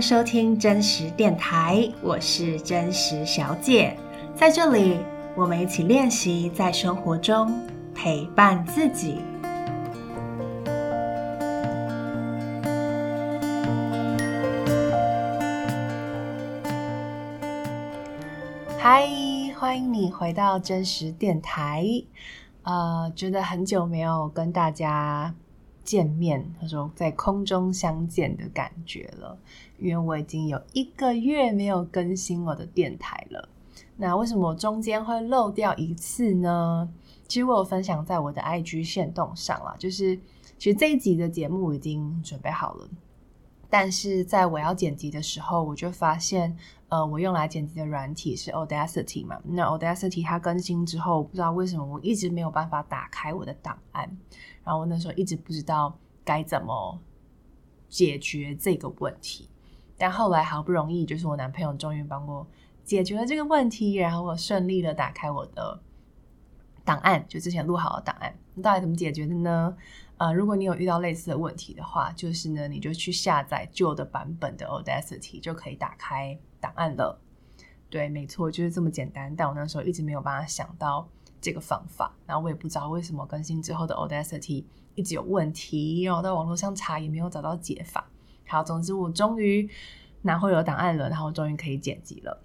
收聽真實電台，我是真實小姐，在這裡我們一起練習在生活中陪伴自己。嗨，歡迎你回到真實電台。呃，覺得很久沒有跟大家見面，他說在空中相見的感覺了，因為我已經有一個月沒有更新我的電台了。那為什麼我中間會漏掉一次呢？其實我有分享在我的 IG 限動上了，就是其實這一集的節目已經準備好了，但是在我要剪輯的時候，我就發現，呃，我用來剪輯的軟體是 Audacity 嘛，那 Audacity 它更新之後，我不知道為什麼我一直沒有辦法打開我的檔案。然後我那時候一直不知道該怎麼解決這個問題，但後來好不容易，就是我男朋友終於幫我解決了這個問題，然後我順利的打開我的檔案，就之前錄好的檔案。那到底怎麼解決的呢？呃，如果你有遇到類似的問題的話，就是呢，你就去下載舊的版本的 Audacity 就可以打開檔案了。對，沒錯，就是這麼簡單。但我那時候一直沒有辦法想到。這個方法，然後我也不知道為什麼更新之後的 Audacity 一直有問題，然後到網絡上查也沒有找到解法。好，總之我終於拿回了檔案了，然後終於可以剪輯了。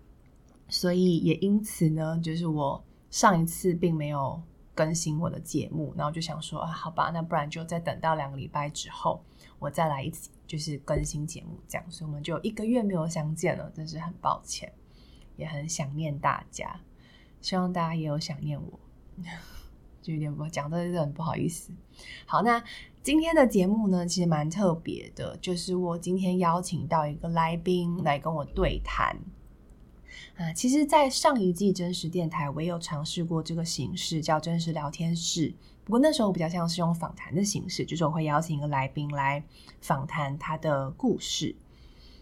所以也因此呢，就是我上一次並沒有更新我的節目，然後就想說啊，好吧，那不然就再等到兩個禮拜之後，我再來一次就是更新節目這樣。所以我們就一個月沒有相見了，真是很抱歉，也很想念大家。希望大家也有想念我。 就有點不好講的，就很不好意思。好，那今天的節目呢，其實蠻特別的，就是我今天邀請到一個來賓來跟我對談啊。其實，在上一季真實電台，我也有嘗試過這個形式，叫真實聊天室。不過那時候我比較像是用訪談的形式，就是我會邀請一個來賓來訪談他的故事。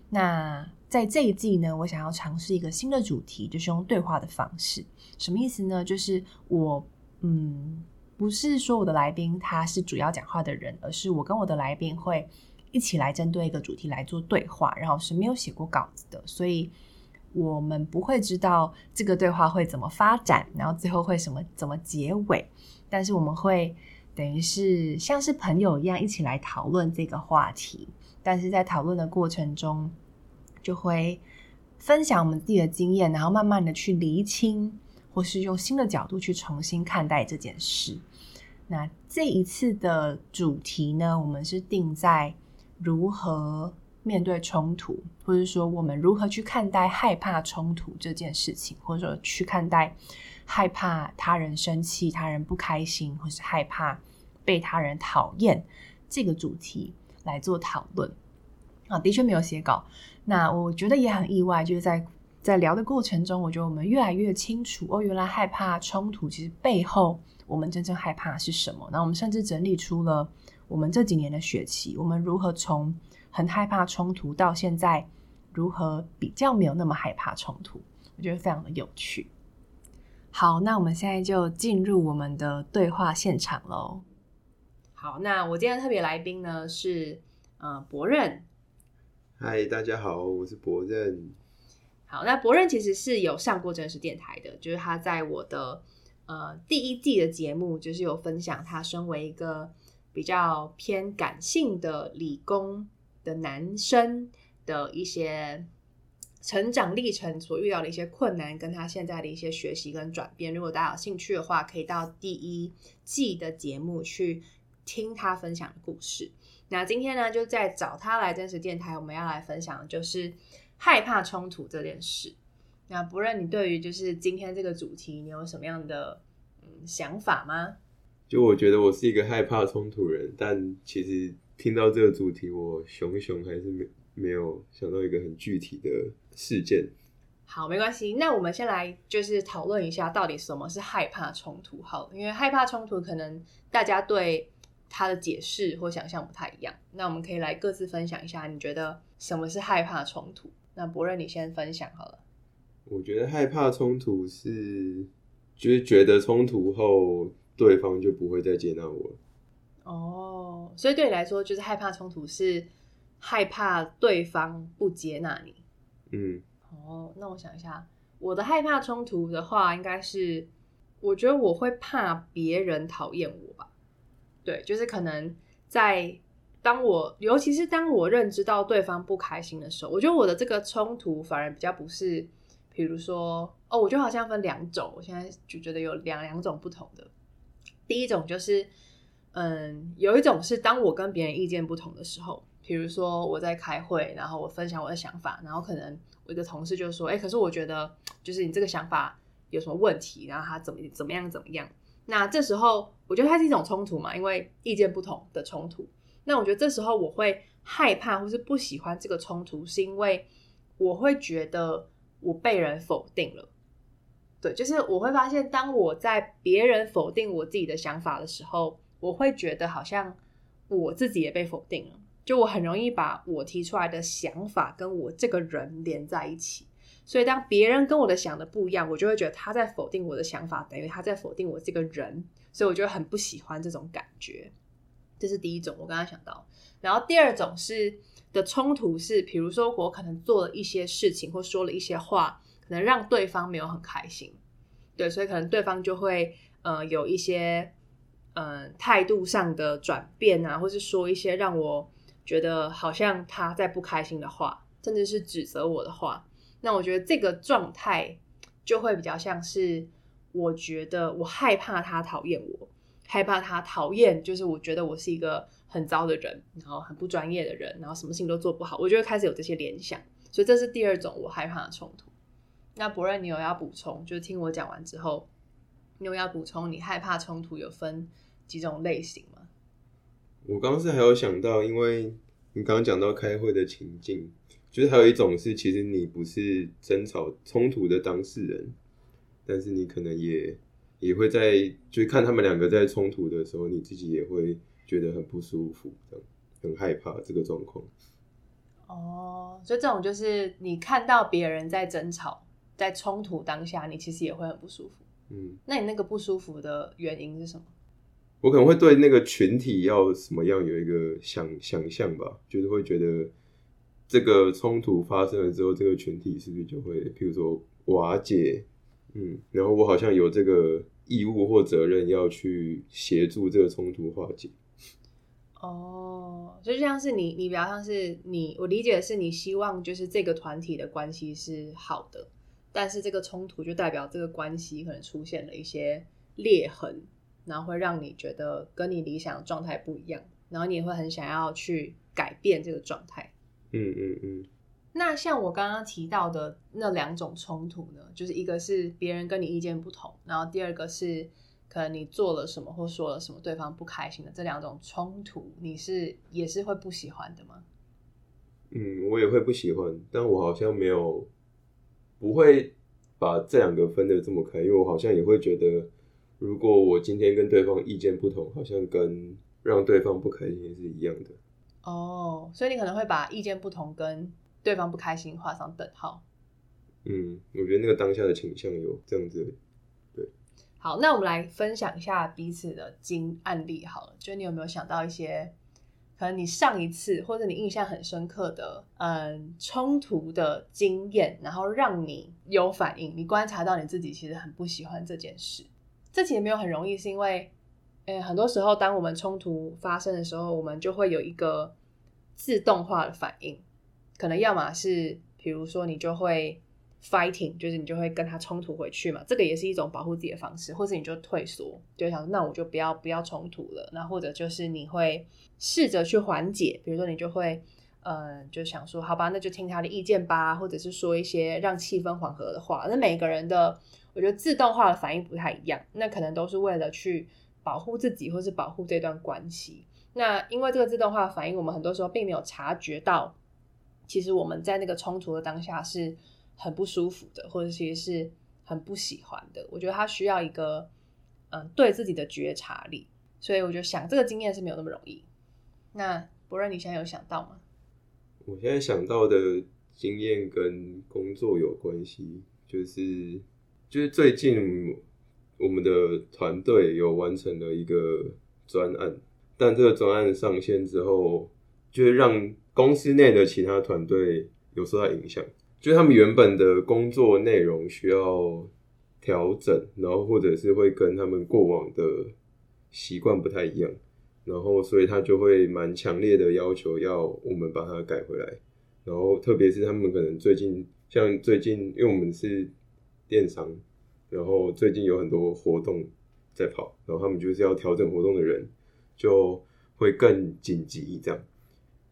那在這一季呢，我想要嘗試一個新的主題，就是用對話的方式。什麼意思呢？就是我，嗯，不是說我的來賓他是主要講話的人，而是我跟我的來賓會一起來針對一個主題來做對話。然後是沒有寫過稿子的，所以我們不會知道這個對話會怎麼發展，然後最後會什麼怎麼結尾。但是我們會等於是像是朋友一樣一起來討論這個話題。但是在討論的過程中。就會分享我們自己的經驗，然後慢慢的去釐清，或是用新的角度去重新看待這件事。那這一次的主題呢，我們是定在如何面對衝突，或者說我們如何去看待害怕衝突這件事情，或者說去看待害怕他人生氣、他人不開心，或是害怕被他人討厭，這個主題來做討論。啊，的確沒有寫稿。那我覺得也很意外，就是在在聊的過程中，我覺得我們越來越清楚，哦，原來害怕衝突其實背後，我們真正害怕的是什麼。那我們甚至整理出了我們這幾年的學習，我們如何從很害怕衝突到現在如何比較沒有那麼害怕衝突，我覺得非常的有趣。好，那我們現在就進入我們的對話現場嘍。好，那我今天特別來賓呢是呃柏任。嗨，大家好，我是柏任。好，那柏任其實是有上過真實電台的，就是他在我的呃第一季的節目，就是有分享他身為一個比較偏感性的理工的男生的一些成長歷程所遇到的一些困難，跟他現在的一些學習跟轉變。如果大家有興趣的話，可以到第一季的節目去聽他分享的故事。那今天呢，就在找他來真實電台，我們要來分享的就是害怕衝突這件事。那不論你對於就是今天這個主題，你有什麼樣的嗯想法嗎？就我覺得我是一個害怕衝突人，但其實聽到這個主題，我熊熊還是沒沒有想到一個很具體的事件。好，沒關係，那我們先來就是討論一下到底什麼是害怕衝突。好，因為害怕衝突，可能大家對。他的解釋或想象不太一樣，那我們可以來各自分享一下，你覺得什麼是害怕衝突？那柏任你先分享好了。我覺得害怕衝突是，就是覺得衝突後對方就不會再接納我了。哦、oh,，所以對你來說，就是害怕衝突是害怕對方不接納你。嗯，哦、oh,，那我想一下，我的害怕衝突的話應，應該是我覺得我會怕別人討厭我吧。對，就是可能在當我，尤其是當我認知到對方不開心的時候，我覺得我的這個衝突反而比較不是，比如說哦，我就好像分兩種，我現在就覺得有兩兩種不同的。第一種就是，嗯，有一種是當我跟別人意見不同的時候，比如說我在開會，然後我分享我的想法，然後可能我的同事就說：“哎，可是我覺得就是你這個想法有什麼問題？”然後他怎麼怎麼樣怎麼樣？那這時候。我覺得它是一種衝突嘛，因為意見不同的衝突。那我覺得這時候我會害怕或是不喜歡這個衝突，是因為我會覺得我被人否定了。對，就是我會發現當我在別人否定我自己的想法的時候，我會覺得好像我自己也被否定了。就我很容易把我提出來的想法跟我這個人連在一起。所以，當別人跟我的想的不一樣，我就會覺得他在否定我的想法，等於他在否定我這個人。所以，我就很不喜歡這種感覺。這是第一種，我剛剛想到。然後，第二種是的衝突是，比如說我可能做了一些事情或說了一些話，可能讓對方沒有很開心。對，所以可能對方就會呃有一些嗯、呃、態度上的轉變啊，或是說一些讓我覺得好像他在不開心的話，甚至是指責我的話。那我覺得這個狀態就會比較像是，我覺得我害怕他討厭我，害怕他討厭，就是我覺得我是一個很糟的人，然後很不專業的人，然後什麼事情都做不好，我就會開始有這些聯想。所以這是第二種我害怕的衝突。那柏任，你有要補充？就是、聽我講完之後，你有要補充？你害怕衝突有分幾種類型嗎？我剛剛是還有想到，因為你剛剛講到開會的情境。就是還有一種是，其實你不是爭吵衝突的當事人，但是你可能也也會在，就是看他們兩個在衝突的時候，你自己也會覺得很不舒服，很害怕這個狀況。哦，所以這種就是你看到別人在爭吵、在衝突當下，你其實也會很不舒服。嗯，那你那個不舒服的原因是什麼？我可能會對那個群體要什麼樣有一個想想象吧，就是會覺得。這個衝突發生了之後，這個群體是不是就會，譬如說瓦解？嗯，然後我好像有這個義務或責任要去協助這個衝突化解。哦，就就像是你，你比較像是你，我理解的是你希望就是這個團體的關係是好的，但是這個衝突就代表這個關係可能出現了一些裂痕，然後會讓你覺得跟你理想狀態不一樣，然後你也會很想要去改變這個狀態。嗯嗯嗯，那像我剛剛提到的那兩種衝突呢，就是一個是別人跟你意見不同，然後第二個是可能你做了什麼或說了什麼對方不開心的，這兩種衝突，你是也是會不喜歡的嗎？嗯，我也會不喜歡，但我好像沒有，不會把這兩個分得這麼開，因為我好像也會覺得，如果我今天跟對方意見不同，好像跟讓對方不開心也是一樣的。哦，所以你可能會把意見不同跟對方不開心畫上等號。嗯，我覺得那個當下的傾向有這樣子。對。好，那我們來分享一下彼此的經案例好了。就你有沒有想到一些，可能你上一次或者你印象很深刻的，嗯，衝突的經驗，然後讓你有反應，你觀察到你自己其實很不喜歡這件事，這其實沒有很容易，是因為。很多時候，當我們衝突發生的時候，我們就會有一個自動化的反應，可能要麼是，比如說你就會 fighting，就是你就會跟他衝突回去嘛，這個也是一種保護自己的方式，或者你就退縮，就想說那我就不要不要衝突了，那或者就是你會試着去緩解，比如說你就會嗯就想說好吧，那就聽他的意見吧，或者是說一些讓氣氛緩和的話。那每個人的我覺得自動化的反應不太一樣，那可能都是為了去。保護自己，或是保護這段關係。那因為這個自動化反應，我們很多時候並沒有察覺到，其實我們在那個衝突的當下是很不舒服的，或者其實是很不喜歡的。我覺得他需要一個嗯對自己的覺察力。所以我就想，這個經驗是沒有那麼容易。那柏任，不你現在有想到嗎？我現在想到的經驗跟工作有關係，就是就是最近。我們的團隊有完成了一個專案，但這個專案上線之後，就會讓公司內的其他團隊有受到影響，就他們原本的工作內容需要調整，然後或者是會跟他們過往的習慣不太一樣，然後所以他就會蠻強烈的要求要我們把它改回來，然後特別是他們可能最近像最近，因為我們是電商，然後最近有很多活動在跑，然後他們就是要調整活動的人，就會更緊急一點。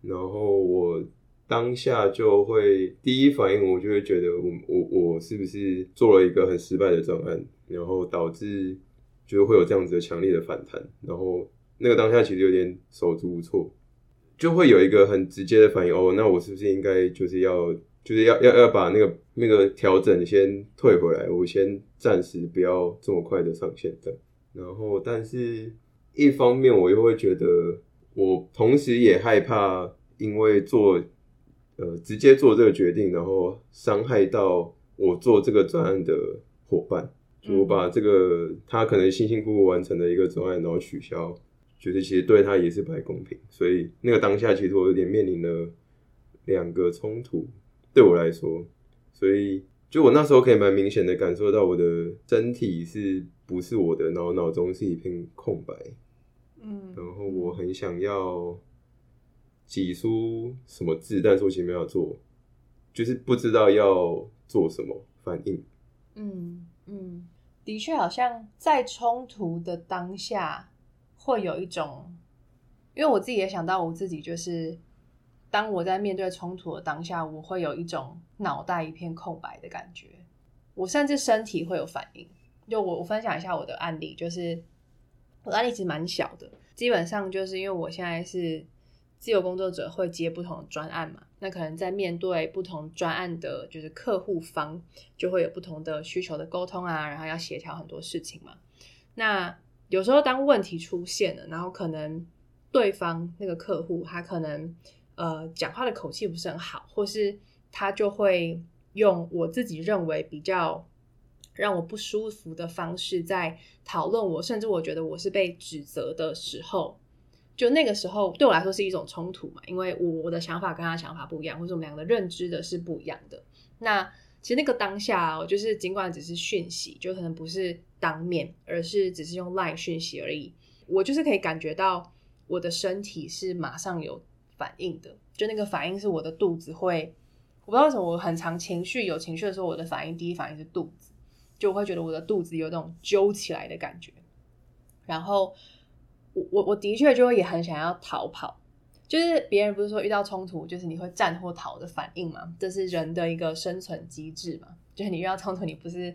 然後我當下就會第一反應，我就會覺得我，我我我是不是做了一個很失敗的專案，然後導致就會有這樣子的強烈的反彈。然後那個當下其實有點手足無措，就會有一個很直接的反應：哦，那我是不是應該就是要。就是要要要把那個那個調整先退回來，我先暫時不要這麼快的上線的。然後，但是一方面我又會覺得，我同時也害怕，因為做呃直接做這個決定，然後傷害到我做這個專案的夥伴，嗯、就我把這個他可能辛辛苦苦完成的一個專案，然後取消，覺得其實對他也是不太公平。所以那個當下，其實我有點面臨了兩個衝突。對我來說，所以就我那時候可以蠻明顯的感受到，我的身體是不是我的腦腦中是一片空白，嗯，然後我很想要擠出什麼字，但是我其實沒有做，就是不知道要做什麼反應。嗯嗯，的確好像在衝突的當下，會有一種，因為我自己也想到我自己就是。當我在面對衝突的當下，我會有一種腦袋一片空白的感覺。我甚至身體會有反應。就我，我分享一下我的案例，就是我的案例其實蠻小的，基本上就是因為我現在是自由工作者，會接不同的專案嘛，那可能在面對不同專案的，就是客戶方就會有不同的需求的溝通啊，然後要協調很多事情嘛。那有時候當問題出現了，然後可能對方那個客戶他可能。呃，講話的口氣不是很好，或是他就會用我自己認為比較讓我不舒服的方式在討論我，甚至我覺得我是被指責的時候，就那個時候對我來說是一種衝突嘛，因為我的想法跟他的想法不一樣，或者我們兩個認知的是不一樣的。那其實那個當下啊，我就是儘管只是訊息，就可能不是當面，而是只是用 LINE 訊息而已，我就是可以感覺到我的身體是馬上有。反應的，就那個反應是我的肚子會，我不知道為什麼我很常情緒有情緒的時候，我的反應第一反應是肚子，就我會覺得我的肚子有那種揪起來的感覺。然後我我我的確就會也很想要逃跑，就是別人不是說遇到衝突，就是你會戰或逃的反應嘛，這是人的一個生存機制嘛，就是你遇到衝突，你不是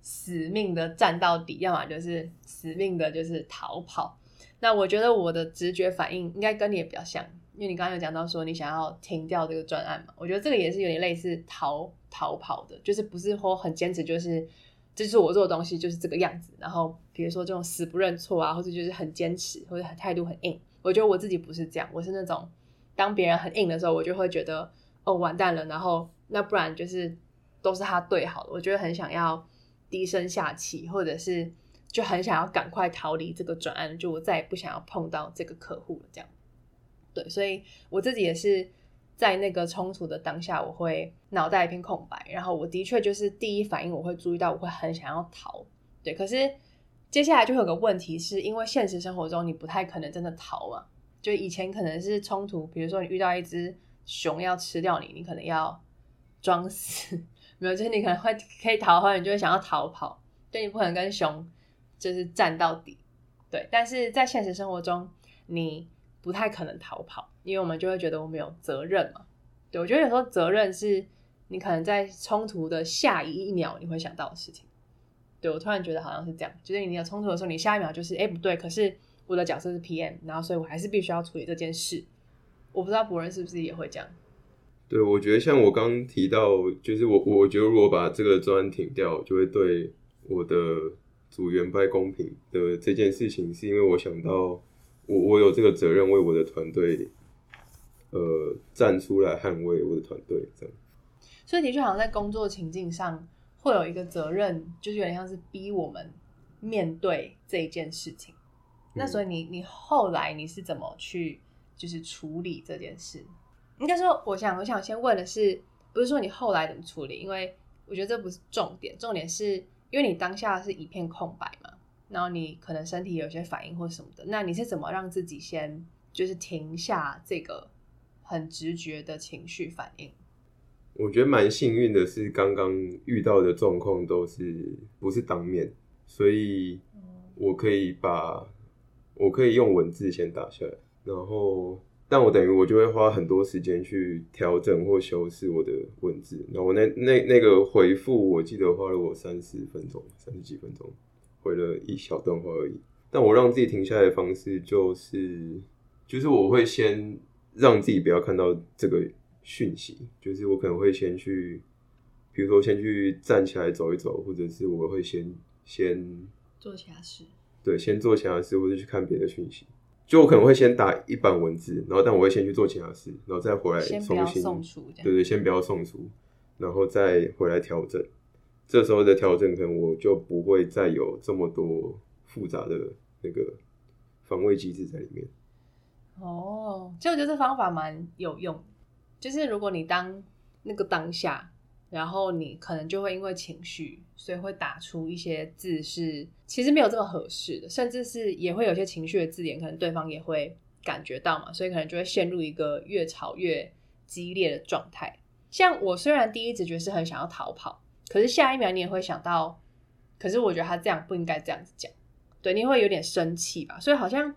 死命的戰到底，要麼就是死命的就是逃跑。那我覺得我的直覺反應應該跟你也比較像。因為你剛剛有講到說你想要停掉這個專案嘛，我覺得這個也是有點類似逃逃跑的，就是不是說很堅持，就是，就是這是我做的東西就是這個樣子。然後比如說這種死不認錯啊，或者就是很堅持，或者態度很硬。我覺得我自己不是這樣，我是那種當別人很硬的時候，我就會覺得哦完蛋了，然後那不然就是都是他對好了。我覺得很想要低聲下氣，或者是就很想要趕快逃離這個專案，就我再也不想要碰到這個客戶了這樣。對，所以我自己也是在那個衝突的當下，我會腦袋一片空白。然後我的確就是第一反應，我會注意到，我會很想要逃。對，可是接下來就有個問題，是因為現實生活中你不太可能真的逃啊。就以前可能是衝突，比如說你遇到一隻熊要吃掉你，你可能要裝死，沒有，就是你可能會可以逃，或者你就會想要逃跑。對，你不可能跟熊就是戰到底。對，但是在現實生活中你。不太可能逃跑，因為我們就會覺得我們有責任嘛。對，我覺得有時候責任是你可能在衝突的下一,一秒你會想到的事情。對，我突然覺得好像是這樣，就是你有衝突的時候，你下一秒就是哎、欸、不對，可是我的角色是 PM，然後所以我還是必須要處理這件事。我不知道柏任是不是也會這樣。對，我覺得像我剛提到，就是我我覺得如果把這個專案停掉，就會對我的組員不太公平的這件事情，是因為我想到。我我有這個責任為我的團隊，呃，站出來捍衛我的團隊這樣。所以，的確，好像在工作情境上會有一個責任，就是有點像是逼我們面對這一件事情。嗯、那所以你，你你後來你是怎麼去就是處理這件事？應該說，我想我想先問的是，不是說你後來怎麼處理？因為我覺得這不是重點，重點是因為你當下是一片空白嘛。然後你可能身體有些反應或者什麼的，那你是怎麼讓自己先就是停下這個很直覺的情緒反應？我覺得蠻幸運的是，剛剛遇到的狀況都是不是當面，所以我可以把、嗯、我可以用文字先打下來，然後但我等於我就會花很多時間去調整或修飾我的文字。然後那我那那那個回復，我記得花了我三十分鐘，三十幾分鐘。回了一小段話而已，但我讓自己停下來的方式就是，就是我會先讓自己不要看到這個訊息，就是我可能會先去，比如說先去站起來走一走，或者是我會先先做其他事，對，先做其他事，或者去看別的訊息。就我可能會先打一版文字，然後但我會先去做其他事，然後再回來重新，送出這樣。對，對對，先不要送出，然後再回來調整。這時候的調整，可能我就不會再有這麼多複雜的那個防衛機制在裡面。哦，其實我覺得這方法蠻有用的。就是如果你當那個當下，然後你可能就會因為情緒，所以會打出一些字是其實沒有這麼合適的，甚至是也會有些情緒的字眼，可能對方也會感覺到嘛，所以可能就會陷入一個越吵越激烈的狀態。像我雖然第一直覺是很想要逃跑，可是下一秒你也會想到，可是我覺得他這樣不應該這樣子講，對你會有點生氣吧？所以好像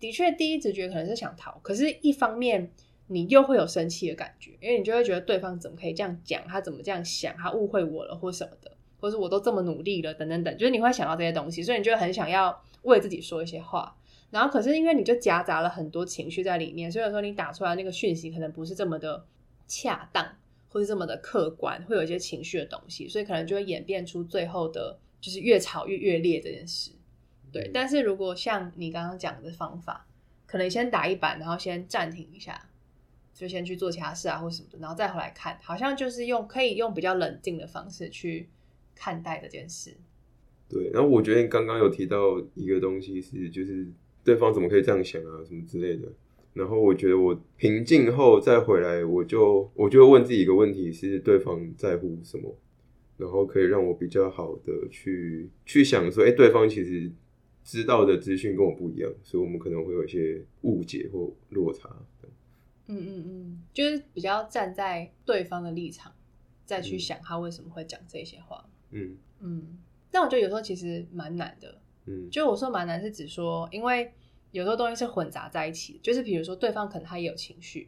的確第一直覺可能是想逃，可是一方面你又會有生氣的感覺，因為你就會覺得對方怎麼可以這樣講，他怎麼這樣想，他誤會我了或什麼的，或是我都這麼努力了等等等，就是你會想到這些東西，所以你就很想要為自己說一些話。然後可是因為你就夾雜了很多情緒在裡面，所以說你打出來那個訊息可能不是這麼的恰當。或是這麼的客觀，會有一些情緒的東西，所以可能就會演變出最後的就是越吵越越烈這件事。對，嗯。但是如果像你剛剛講的方法，可能先打一板，然後先暫停一下，就先去做其他事啊，或什麼的，然後再回來看，好像就是用可以用比較冷靜的方式去看待這件事。對，然後我覺得你剛剛有提到一個東西是，就是對方怎麼可以這樣想啊，什麼之類的。然後我覺得我平靜後再回來，我就我就問自己一個問題：是對方在乎什麼？然後可以讓我比較好的去去想說，哎，對方其實知道的資訊跟我不一樣，所以我們可能會有一些誤解或落差。嗯嗯嗯，就是比較站在對方的立場再去想他為什麼會講這些話。嗯嗯，但我覺得有時候其實蠻難的。嗯，就我說蠻難是指說因為。有時候東西是混雜在一起，就是比如說對方可能他也有情緒，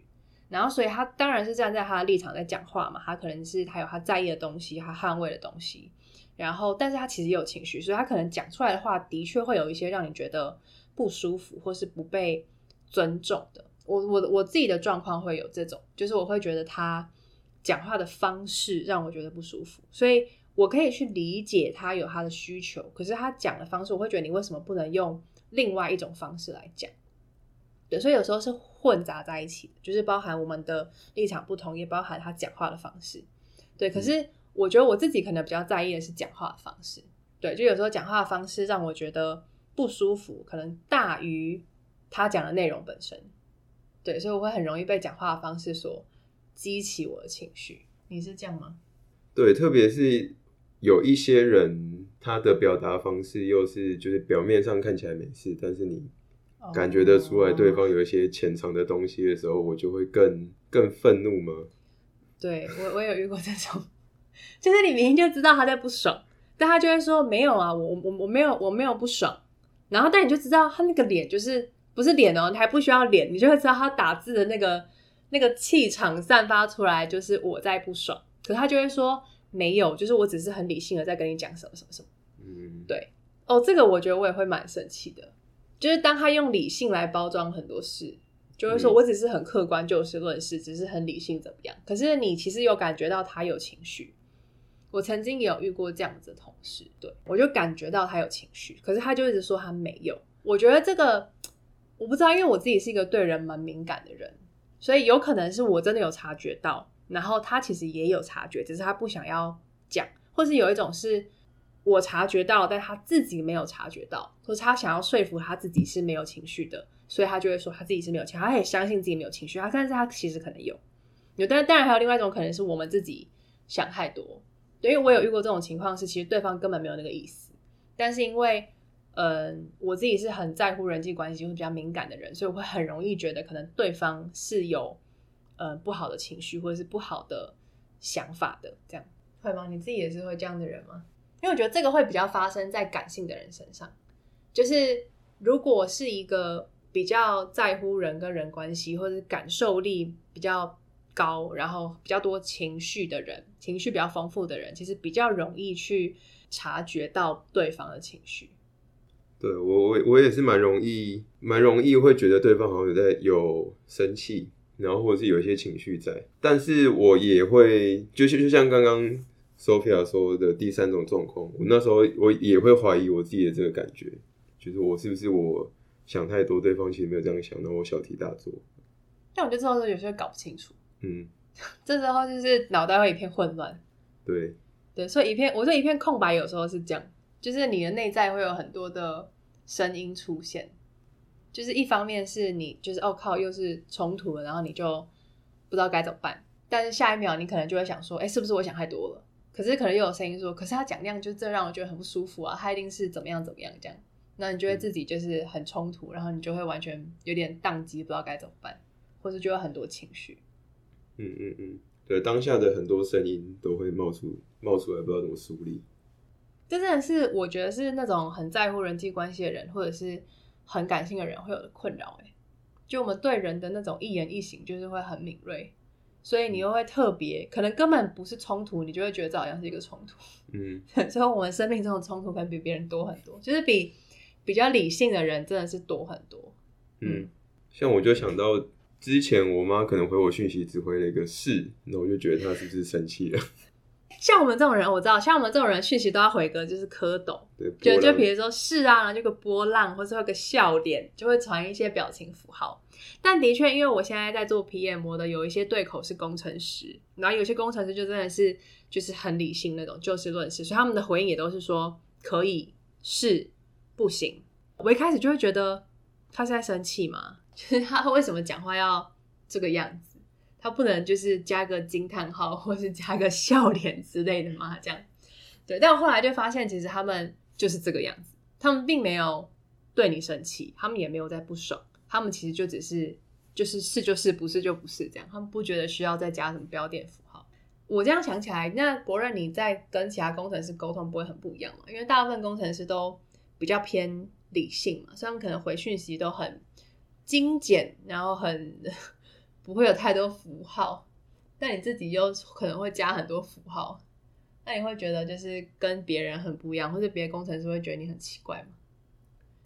然後所以他當然是站在他的立場在講話嘛，他可能是他有他在意的東西，他捍衛的東西，然後但是他其實也有情緒，所以他可能講出來的話的確會有一些讓你覺得不舒服或是不被尊重的。我我我自己的狀況會有這種，就是我會覺得他講話的方式讓我覺得不舒服，所以我可以去理解他有他的需求，可是他講的方式，我會覺得你為什麼不能用？另外一種方式來講，對，所以有時候是混雜在一起的，就是包含我們的立場不同，也包含他講話的方式。對，可是我覺得我自己可能比較在意的是講話的方式。對，就有時候講話的方式讓我覺得不舒服，可能大於他講的內容本身。對，所以我會很容易被講話的方式所激起我的情緒。你是這樣嗎？對，特別是。有一些人，他的表達方式又是就是表面上看起來沒事，但是你感覺得出來對方有一些潛藏的東西的時候，oh. 我就會更更憤怒嗎？對，我我有遇過這種， 就是你明明就知道他在不爽，但他就會說沒有啊，我我我我沒有我沒有不爽，然後但你就知道他那個臉就是不是臉哦、喔，你還不需要臉，你就會知道他打字的那個那個氣場散發出來就是我在不爽，可是他就會說。沒有，就是我只是很理性的在跟你講什麼什麼什麼，mm -hmm. 對，哦，oh，這個我覺得我也會蠻生氣的，就是當他用理性來包裝很多事，就是說我只是很客觀就事論事，mm -hmm. 只是很理性怎麼樣，可是你其實有感覺到他有情緒。我曾經也有遇過這樣子的同事，對，我就感覺到他有情緒，可是他就一直說他沒有。我覺得這個我不知道，因為我自己是一個對人蠻敏感的人，所以有可能是我真的有察覺到。然後他其實也有察覺，只是他不想要講，或是有一種是我察覺到，但他自己沒有察覺到，或是他想要說服他自己是沒有情緒的，所以他就會說他自己是沒有情緒，他也相信自己沒有情緒，他但是他其實可能有，有，但是當然還有另外一種可能是我們自己想太多，對，因為我有遇過這種情況，是其實對方根本沒有那個意思，但是因為嗯、呃，我自己是很在乎人際關係會比較敏感的人，所以我會很容易覺得可能對方是有。呃、嗯，不好的情緒或者是不好的想法的，這樣會嗎？你自己也是會這樣的人嗎？因為我覺得這個會比較發生在感性的人身上，就是如果是一個比較在乎人跟人關係，或者是感受力比較高，然後比較多情緒的人，情緒比較豐富的人，其實比較容易去察覺到對方的情緒。對，我我我也是蠻容易，蠻容易會覺得對方好像在有生氣。然後或者是有一些情緒在，但是我也會，就是就像剛剛 Sophia 說的第三種狀況，我那時候我也會懷疑我自己的這個感覺，就是我是不是我想太多，對方其實沒有這樣想，然後我小題大做。但我這時候就知道說有些搞不清楚，嗯，這時候就是腦袋會一片混亂，對，對，所以一片我這一片空白，有時候是這樣，就是你的內在會有很多的聲音出現。就是一方面是你就是哦靠又是衝突了，然後你就不知道該怎麼辦。但是下一秒你可能就會想說，哎，是不是我想太多了？可是可能又有聲音說，可是他講那樣就是、這讓我覺得很不舒服啊，他一定是怎麼樣怎麼樣這樣。那你就會自己就是很衝突，嗯、然後你就會完全有點宕機，不知道該怎麼辦，或是就有很多情緒。嗯嗯嗯，對，當下的很多聲音都會冒出冒出來，不知道怎麼梳理。這真的是，我覺得是那種很在乎人際關係的人，或者是。很感性的人會有的困擾，哎，就我們對人的那種一言一行，就是會很敏銳，所以你又會特別，可能根本不是衝突，你就會覺得這好像是一個衝突，嗯， 所以我們生命中的衝突可能比別人多很多，就是比比較理性的人真的是多很多嗯，嗯，像我就想到之前我媽可能回我訊息只回了一個是，那我就覺得她是不是生氣了？ 像我們這種人，我知道，像我們這種人，訊息都要回個就是蝌蚪，對，就就比如說是啊，就個波浪，或者有個笑臉，就會傳一些表情符號。但的確，因為我現在在做 PM 的，有一些對口是工程師，然後有些工程師就真的是就是很理性那種，就事論事，所以他們的回應也都是說可以是不行。我一開始就會覺得他是在生氣嗎？就是他為什麼講話要這個樣子？他不能就是加個驚嘆號或是加個笑臉之類的嗎？這樣，對。但我後來就發現，其實他們就是這個樣子，他們並沒有對你生氣，他們也沒有在不爽，他們其實就只是就是是就是不是就不是這樣，他們不覺得需要再加什麼標點符號。我這樣想起來，那柏任你在跟其他工程師溝通不會很不一樣嘛？因為大部分工程師都比較偏理性嘛，所以他們可能回訊息都很精簡，然後很。不會有太多符號，但你自己又可能會加很多符號，那你會覺得就是跟別人很不一樣，或是別的工程師會覺得你很奇怪嗎？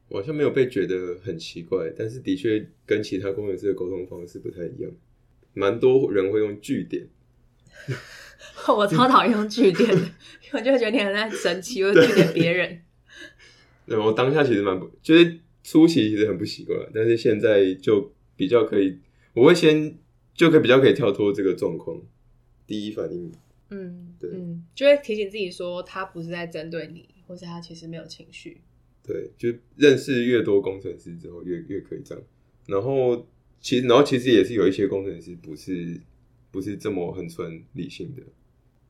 我好像沒有被覺得很奇怪，但是的確跟其他工程師的溝通方式不太一樣，蠻多人會用句點。 我超討厭用句點的，因 為就覺得你很，很神奇， 又會句點別人對。那我當下其實蠻不，就是初期其實很不習慣，但是現在就比較可以。我會先就可以比較可以跳脫這個狀況，第一反應，嗯，對嗯，就會提醒自己說，他不是在針對你，或者他其實沒有情緒。對，就認識越多工程師之後越，越越可以這樣。然後其實，然後其實也是有一些工程師不是不是這麼很純理性的。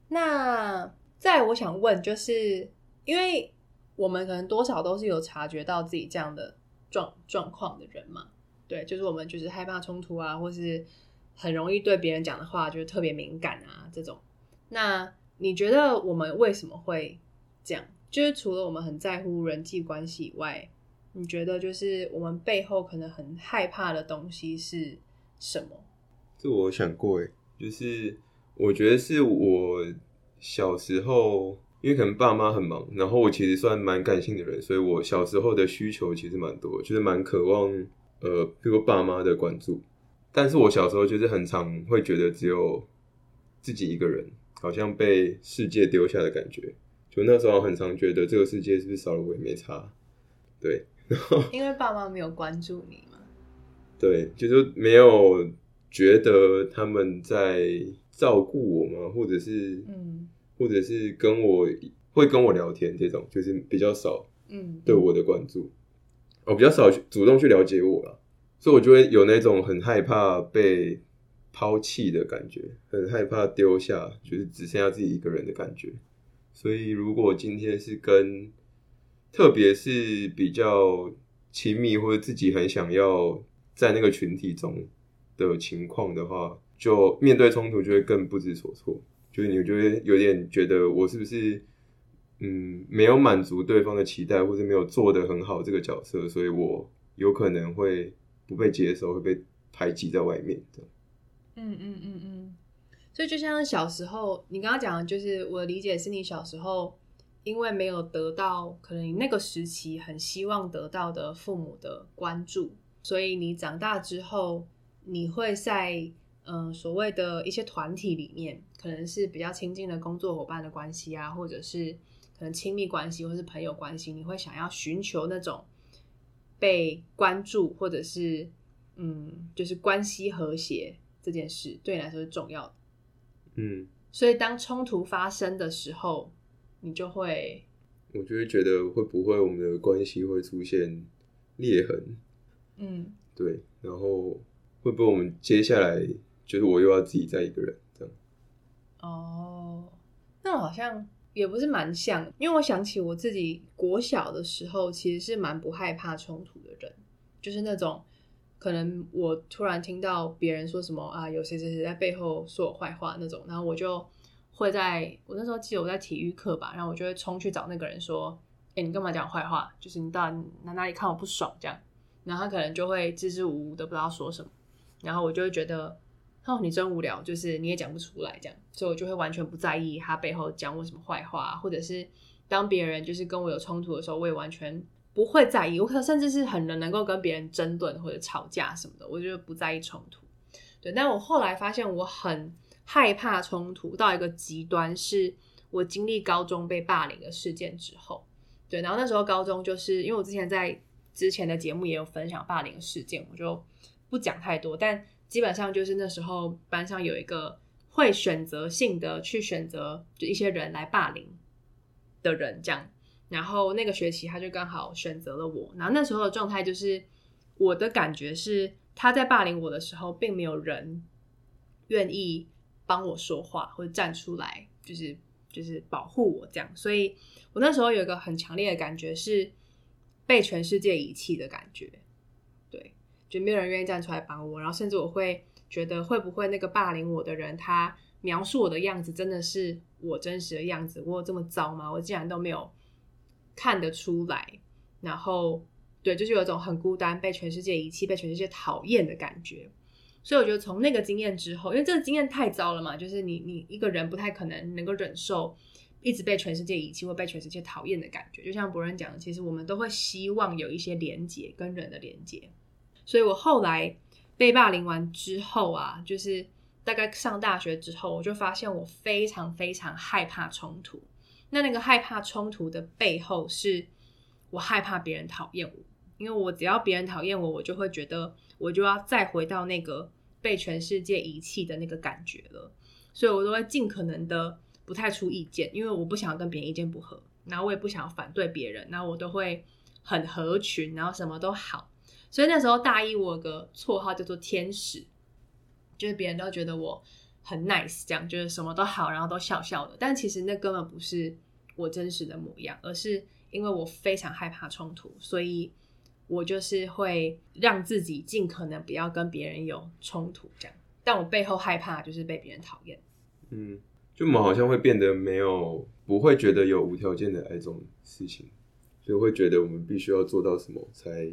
那再我想問，就是因為我們可能多少都是有察覺到自己這樣的狀狀況的人嘛。對，就是我們就是害怕衝突啊，或是很容易對別人講的話，就是特別敏感啊，這種。那你覺得我們為什麼會這樣？就是除了我們很在乎人際關係以外，你覺得就是我們背後可能很害怕的東西是什麼？這我想過誒，就是我覺得是我小時候，因為可能爸媽很忙，然後我其實算蠻感性的人，所以我小時候的需求其實蠻多，就是蠻渴望。呃，比如爸媽的關注，但是我小時候就是很常會覺得只有自己一個人，好像被世界丟下的感覺。就那時候我很常覺得這個世界是不是少了我也沒差，對。然後因為爸媽沒有關注你嘛？對，就是沒有覺得他們在照顧我嗎？或者是嗯，或者是跟我會跟我聊天這種，就是比較少嗯，對我的關注。嗯嗯我、哦、比較少主動去了解我啦，所以我就會有那種很害怕被拋棄的感覺，很害怕丟下，就是只剩下自己一個人的感覺。所以如果今天是跟，特別是比較親密或者自己很想要在那個群體中的情況的話，就面對衝突就會更不知所措，就是你就會覺得有點覺得我是不是？嗯，沒有滿足對方的期待，或者沒有做得很好，這個角色，所以我有可能會不被接受，會被排擠在外面。嗯嗯嗯嗯，所以就像小時候你剛剛講的，就是我理解是你小時候因為沒有得到可能你那個時期很希望得到的父母的關注，所以你長大之後你會在嗯所謂的一些團體裡面，可能是比較親近的工作夥伴的關係啊，或者是。親密關係或是朋友關係，你會想要尋求那種被關注，或者是嗯，就是關係和諧這件事對你來說是重要的。嗯，所以當衝突發生的時候，你就會……我就會覺得會不會我們的關係會出現裂痕？嗯，對，然後會不會我們接下來就是我又要自己再一個人這樣？哦，那好像。也不是蠻像，因為我想起我自己國小的時候，其實是蠻不害怕衝突的人，就是那種可能我突然聽到別人說什麼啊，有誰誰誰在背後說我壞話那種，然後我就會在我那時候記得我在體育課吧，然後我就會衝去找那個人說，哎、欸，你幹嘛講壞話？就是你到底在哪裡看我不爽這樣，然後他可能就會支支吾吾的不知道說什麼，然後我就會覺得。哦，你真無聊，就是你也講不出來這樣，所以我就會完全不在意他背後講我什麼壞話啊，或者是當別人就是跟我有衝突的時候，我也完全不會在意。我可能甚至是很能能夠跟別人爭論或者吵架什麼的，我就不在意衝突。對，但我後來發現我很害怕衝突，到一個極端是我經歷高中被霸凌的事件之後，對，然後那時候高中就是因為我之前在之前的節目也有分享霸凌事件，我就不講太多，但。基本上就是那時候班上有一個會選擇性的去選擇就一些人來霸凌的人這樣，然後那個學期他就剛好選擇了我，然後那時候的狀態就是我的感覺是他在霸凌我的時候，並沒有人願意幫我說話或者站出來，就是，就是就是保護我這樣，所以我那時候有一個很強烈的感覺是被全世界遺棄的感覺。就沒有人願意站出來幫我，然後甚至我會覺得，會不會那個霸凌我的人，他描述我的樣子真的是我真實的樣子？我有這麼糟嗎？我竟然都沒有看得出來。然後，對，就是有一種很孤單、被全世界遺棄、被全世界討厭的感覺。所以我覺得從那個經驗之後，因為這個經驗太糟了嘛，就是你你一個人不太可能能夠忍受一直被全世界遺棄或被全世界討厭的感覺。就像柏任講的，其實我們都會希望有一些連結，跟人的連結。所以我後來被霸凌完之後啊，就是大概上大學之後，我就發現我非常非常害怕衝突。那那個害怕衝突的背後是，我害怕別人討厭我，因為我只要別人討厭我，我就會覺得我就要再回到那個被全世界遺棄的那個感覺了。所以我都會盡可能的不太出意見，因為我不想跟別人意見不合，然後我也不想反對別人，然後我都會很合群，然後什麼都好。所以那時候大一，我有個綽號叫做天使，就是別人都覺得我很 nice，這樣就是什麼都好，然後都笑笑的。但其實那根本不是我真實的模樣，而是因為我非常害怕衝突，所以我就是會讓自己盡可能不要跟別人有衝突，這樣。但我背後害怕就是被別人討厭。嗯，就我們好像會變得沒有，不會覺得有無條件的愛這種事情，所以會覺得我們必須要做到什麼才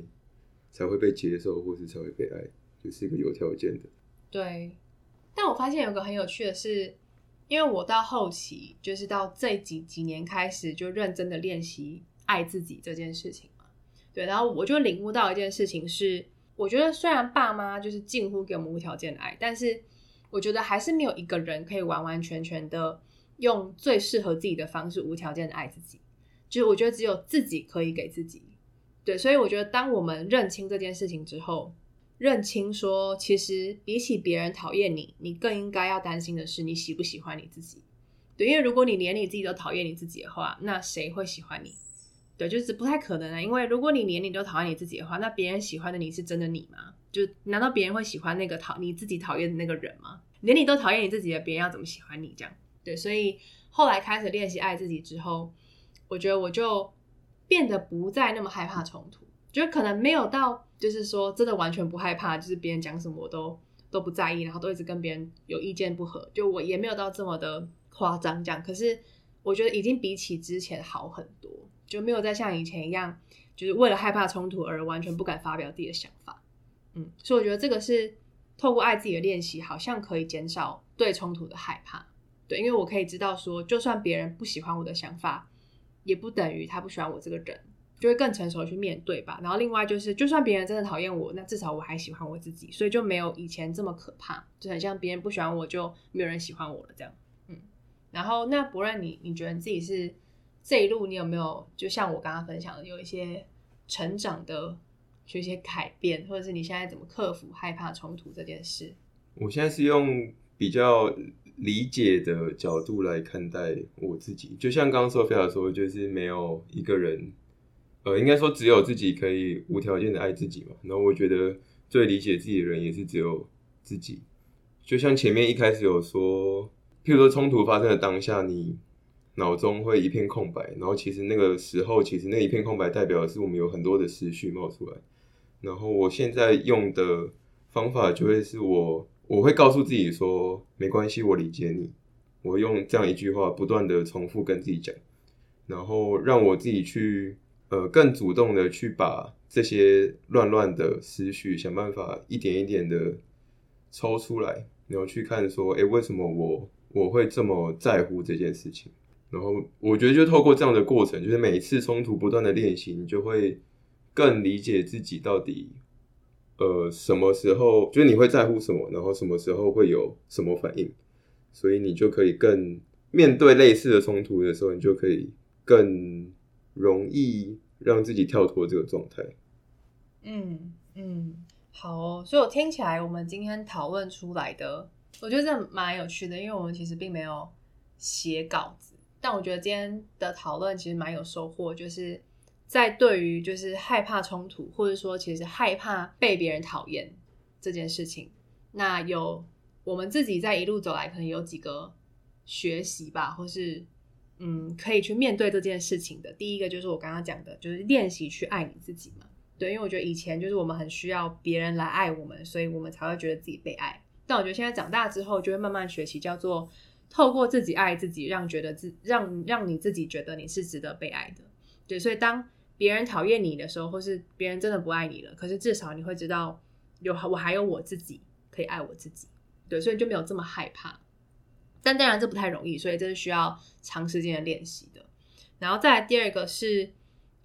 才會被接受，或是才會被愛，就是一個有條件的。對，但我發現有個很有趣的是，因為我到後期，就是到這幾幾年開始就認真的練習愛自己這件事情嘛。對，然後我就領悟到一件事情是，我覺得雖然爸媽就是近乎給我們無條件的愛，但是我覺得還是沒有一個人可以完完全全的用最適合自己的方式無條件的愛自己。就是我覺得只有自己可以給自己。對，所以我覺得，當我們認清這件事情之後，認清說，其實比起別人討厭你，你更應該要擔心的是，你喜不喜歡你自己。對，因為如果你連你自己都討厭你自己的話，那誰會喜歡你？對，就是不太可能啊。因為如果你連你都討厭你自己的話，那別人喜歡的你是真的你嗎？就難道別人會喜歡那個討你自己討厭的那個人嗎？連你都討厭你自己的，別人要怎麼喜歡你？這樣。對，所以後來開始練習愛自己之後，我覺得我就。變得不再那麼害怕衝突，就可能沒有到，就是說真的完全不害怕，就是別人講什麼我都都不在意，然後都一直跟別人有意見不合，就我也沒有到這麼的誇張這樣。可是我覺得已經比起之前好很多，就沒有再像以前一樣，就是為了害怕衝突而完全不敢發表自己的想法。嗯，所以我覺得這個是透過愛自己的練習，好像可以減少對衝突的害怕。對，因為我可以知道說，就算別人不喜歡我的想法。也不等於他不喜歡我這個人，就會更成熟去面對吧。然後另外就是，就算別人真的討厭我，那至少我還喜歡我自己，所以就沒有以前這麼可怕。就很像別人不喜歡我就沒有人喜歡我了這樣。嗯。然後那柏任，你你覺得自己是這一路，你有沒有就像我剛剛分享的有一些成長的、有一些改變，或者是你現在怎麼克服害怕衝突這件事？我現在是用比較。理解的角度來看待我自己，就像剛剛 Sophia 說，就是沒有一個人，呃，應該說只有自己可以無條件的愛自己嘛。然後我覺得最理解自己的人也是只有自己。就像前面一開始有說，譬如說衝突發生的當下，你腦中會一片空白，然後其實那個時候，其實那一片空白代表的是我們有很多的思緒冒出來。然後我現在用的方法就會是我。我會告訴自己說，沒關係，我理解你。我用這樣一句話不斷的重複跟自己講，然後讓我自己去，呃，更主動的去把這些亂亂的思緒想辦法一點一點的抽出來，然後去看說，誒，為什麼我我會這麼在乎這件事情？然後我覺得就透過這樣的過程，就是每一次衝突不斷的練習，你就會更理解自己到底。呃，什麼時候，就是你會在乎什麼，然後什麼時候會有什麼反應，所以你就可以更面對類似的衝突的時候，你就可以更容易讓自己跳脫這個狀態。嗯嗯，好哦。所以，我聽起來我們今天討論出來的，我覺得這蠻有趣的，因為我們其實並沒有寫稿子，但我覺得今天的討論其實蠻有收穫，就是。在對於就是害怕衝突，或者說其實害怕被別人討厭這件事情，那有我們自己在一路走來，可能有幾個學習吧，或是嗯，可以去面對這件事情的。第一個就是我剛剛講的，就是練習去愛你自己嘛。對，因為我覺得以前就是我們很需要別人來愛我們，所以我們才會覺得自己被愛。但我覺得現在長大之後，就會慢慢學習叫做透過自己愛自己，讓覺得自讓讓你自己覺得你是值得被愛的。對，所以當。別人討厭你的時候，或是別人真的不愛你了，可是至少你會知道有，有我還有我自己可以愛我自己，對，所以就沒有這麼害怕。但當然這不太容易，所以這是需要長時間的練習的。然後再來第二個是，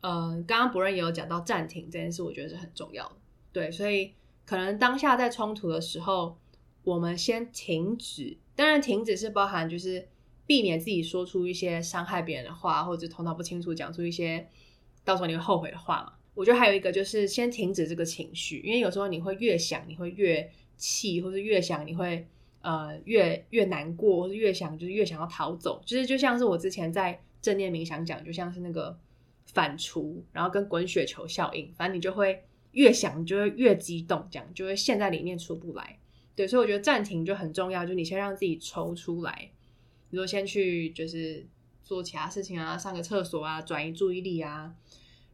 呃，剛剛柏任也有講到暫停這件事，我覺得是很重要的，對，所以可能當下在衝突的時候，我們先停止，當然停止是包含就是避免自己說出一些傷害別人的話，或者頭腦不清楚講出一些。到時候你會後悔的話嘛？我覺得還有一個就是先停止這個情緒，因為有時候你會越想，你會越氣，或是越想你會呃越越難過，或是越想就是越想要逃走，就是就像是我之前在正念冥想講，就像是那個反芻，然後跟滾雪球效應，反正你就會越想就會越激動，這樣就會陷在裡面出不來。對，所以我覺得暫停就很重要，就你先讓自己抽出來，比如說先去就是。做其他事情啊，上個廁所啊，轉移注意力啊，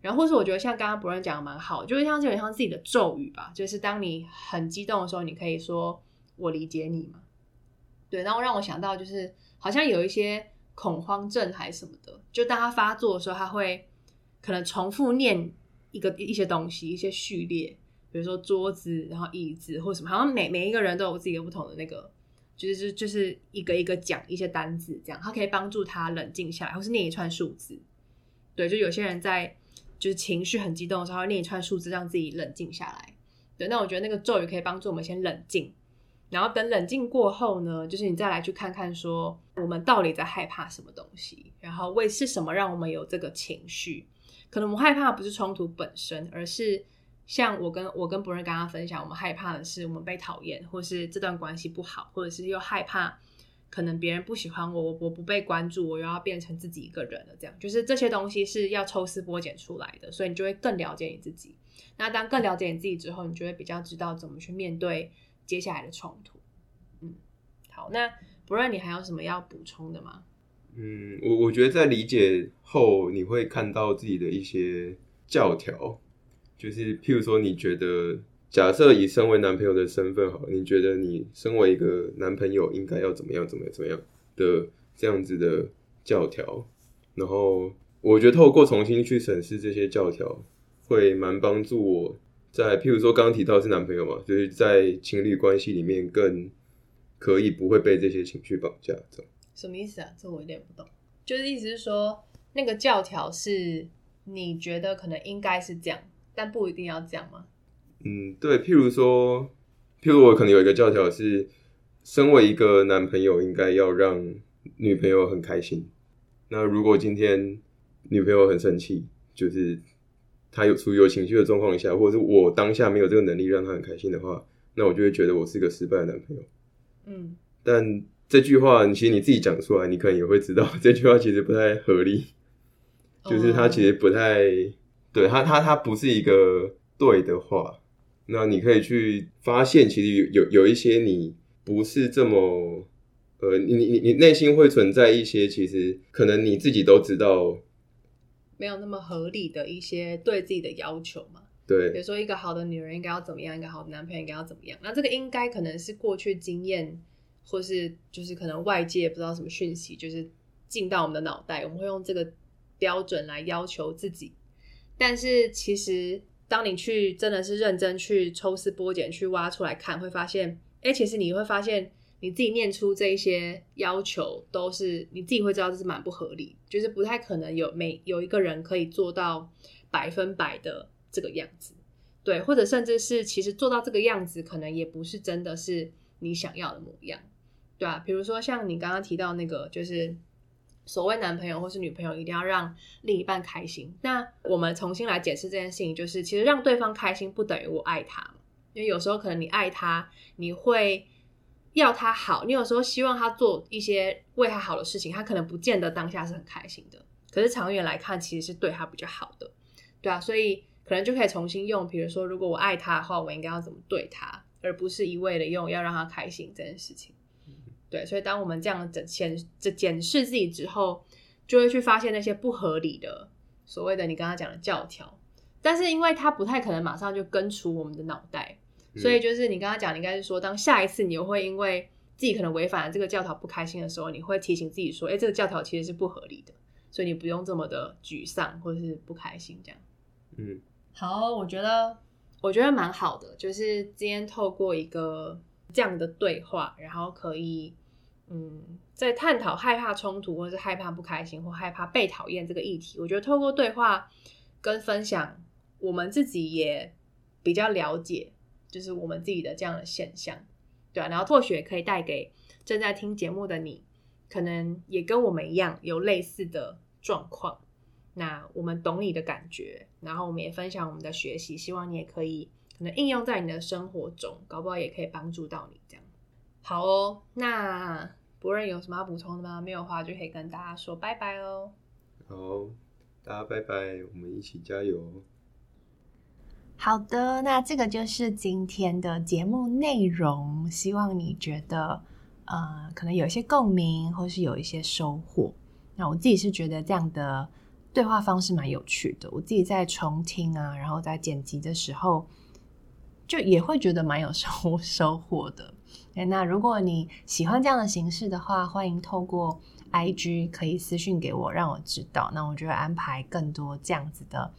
然後或是我覺得像剛剛柏任講的蠻好的，就會像是像有點像自己的咒語吧，就是當你很激動的時候，你可以說“我理解你”嘛。對，然後讓我想到就是好像有一些恐慌症還是什麼的，就當他發作的時候，他會可能重复念一個一些東西一些序列，比如說桌子，然後椅子或什麼，好像每每一個人都有自己的不同的那個。就是就就是一個一個講一些單字，這樣他可以幫助他冷靜下來，或是念一串數字。對，就有些人在就是情緒很激動的時候，念一串數字讓自己冷靜下來。對，那我覺得那個咒語可以幫助我們先冷靜，然後等冷靜過後呢，就是你再來去看看說我們到底在害怕什麼東西，然後為是什麼讓我們有這個情緒？可能我們害怕不是衝突本身，而是。像我跟我跟柏任剛剛分享，我們害怕的是我們被討厭，或是這段關係不好，或者是又害怕可能別人不喜歡我，我我不被關注，我又要變成自己一個人了。這樣就是這些東西是要抽絲剝繭出來的，所以你就會更了解你自己。那當更了解你自己之後，你就會比較知道怎麼去面對接下來的衝突。嗯，好，那柏任，你還有什麼要補充的嗎？嗯，我我覺得在理解後，你會看到自己的一些教條。就是，譬如說，你覺得，假設以身為男朋友的身份好，你覺得你身為一個男朋友應該要怎麼樣，怎麼樣怎麼樣的這樣子的教條。然後，我覺得透過重新去審視這些教條，會蠻幫助我在譬如說剛剛提到是男朋友嘛，就是在情侶關係裡面更可以不會被這些情緒綁架，這樣。什麼意思啊？這我有點不懂。就是意思是說，那個教條是你覺得可能應該是這樣。但不一定要講嗎？嗯，對。譬如說，譬如我可能有一個教條是，身為一個男朋友應該要讓女朋友很開心。那如果今天女朋友很生氣，就是她有處於有情緒的狀況下，或者是我當下沒有這個能力讓她很開心的話，那我就會覺得我是個失敗的男朋友。嗯。但這句話，其實你自己講出來，你可能也會知道，這句話其實不太合理。就是他其實不太、嗯。對他，他他不是一個對的話，那你可以去發現，其實有有，有一些你不是這麼，呃，你你你內心會存在一些，其實可能你自己都知道，沒有那麼合理的一些對自己的要求嘛。對，比如說一個好的女人應該要怎麼樣，一個好的男朋友應該要怎麼樣，那這個應該可能是過去經驗，或是就是可能外界不知道什麼訊息，就是進到我們的腦袋，我們會用這個標準來要求自己。但是其實，當你去真的是認真去抽絲剝繭去挖出來看，會發現，哎,其實你會發現你自己念出這一些要求，都是你自己會知道這是蠻不合理，就是不太可能有每有一個人可以做到百分百的這個樣子，對，或者甚至是其實做到這個樣子，可能也不是真的是你想要的模樣，對啊。比如說像你剛剛提到那個，就是。所謂男朋友或是女朋友，一定要讓另一半開心。那我們重新來解釋這件事情，就是其實讓對方開心不等於我愛他，因為有時候可能你愛他，你會要他好，你有時候希望他做一些為他好的事情，他可能不見得當下是很開心的，可是長遠來看其實是對他比較好的，對啊，所以可能就可以重新用，比如說如果我愛他的話，我應該要怎麼對他，而不是一味的用要讓他開心這件事情。對，所以當我們這樣檢這檢視自己之後，就會去發現那些不合理的所謂的你剛剛講的教條，但是因為他不太可能馬上就根除我們的腦袋，所以就是你剛剛講的，應該是說當下一次你又會因為自己可能違反了這個教條不開心的時候，你會提醒自己說，哎，這個教條其實是不合理的，所以你不用這麼的沮喪或是不開心這樣。嗯，好，我覺得我覺得蠻好的，就是今天透過一個這樣的對話，然後可以。嗯，在探討害怕衝突，或是害怕不開心，或害怕被討厭這個議題，我覺得透過對話跟分享，我們自己也比較了解，就是我們自己的這樣的現象，對啊，然後或許，也可以帶給正在聽節目的你，可能也跟我們一樣有類似的狀況，那我們懂你的感覺，然後我們也分享我們的學習，希望你也可以可能應用在你的生活中，搞不好也可以幫助到你這樣。好哦，那。柏任有什麼要補充的嗎？沒有的話就可以跟大家說拜拜哦。好，大家拜拜，我們一起加油哦。好的，那這個就是今天的節目內容。希望你覺得，呃，可能有一些共鳴，或是有一些收穫。那我自己是覺得這樣的對話方式蠻有趣的。我自己在重聽啊，然後在剪輯的時候，就也會覺得蠻有收收穫的。誒，那如果你喜歡這樣的形式的話，歡迎透過 IG 可以私訊給我，讓我知道。那我就會安排更多這樣子的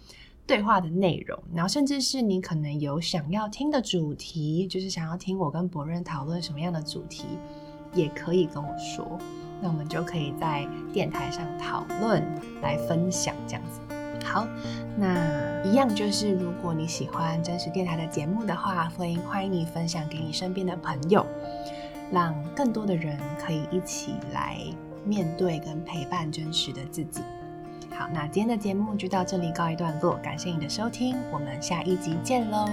對話的內容。然後，甚至是你可能有想要聽的主題，就是想要聽我跟柏任討論什麼樣的主題，也可以跟我說。那我們就可以在電台上討論，來分享這樣子。好，那一樣就是，如果你喜歡真實電台的節目的話，歡迎歡迎你分享給你身邊的朋友，讓更多的人可以一起來面對跟陪伴真實的自己。好，那今天的節目就到這裡告一段落，感謝你的收聽，我們下一集見嘍。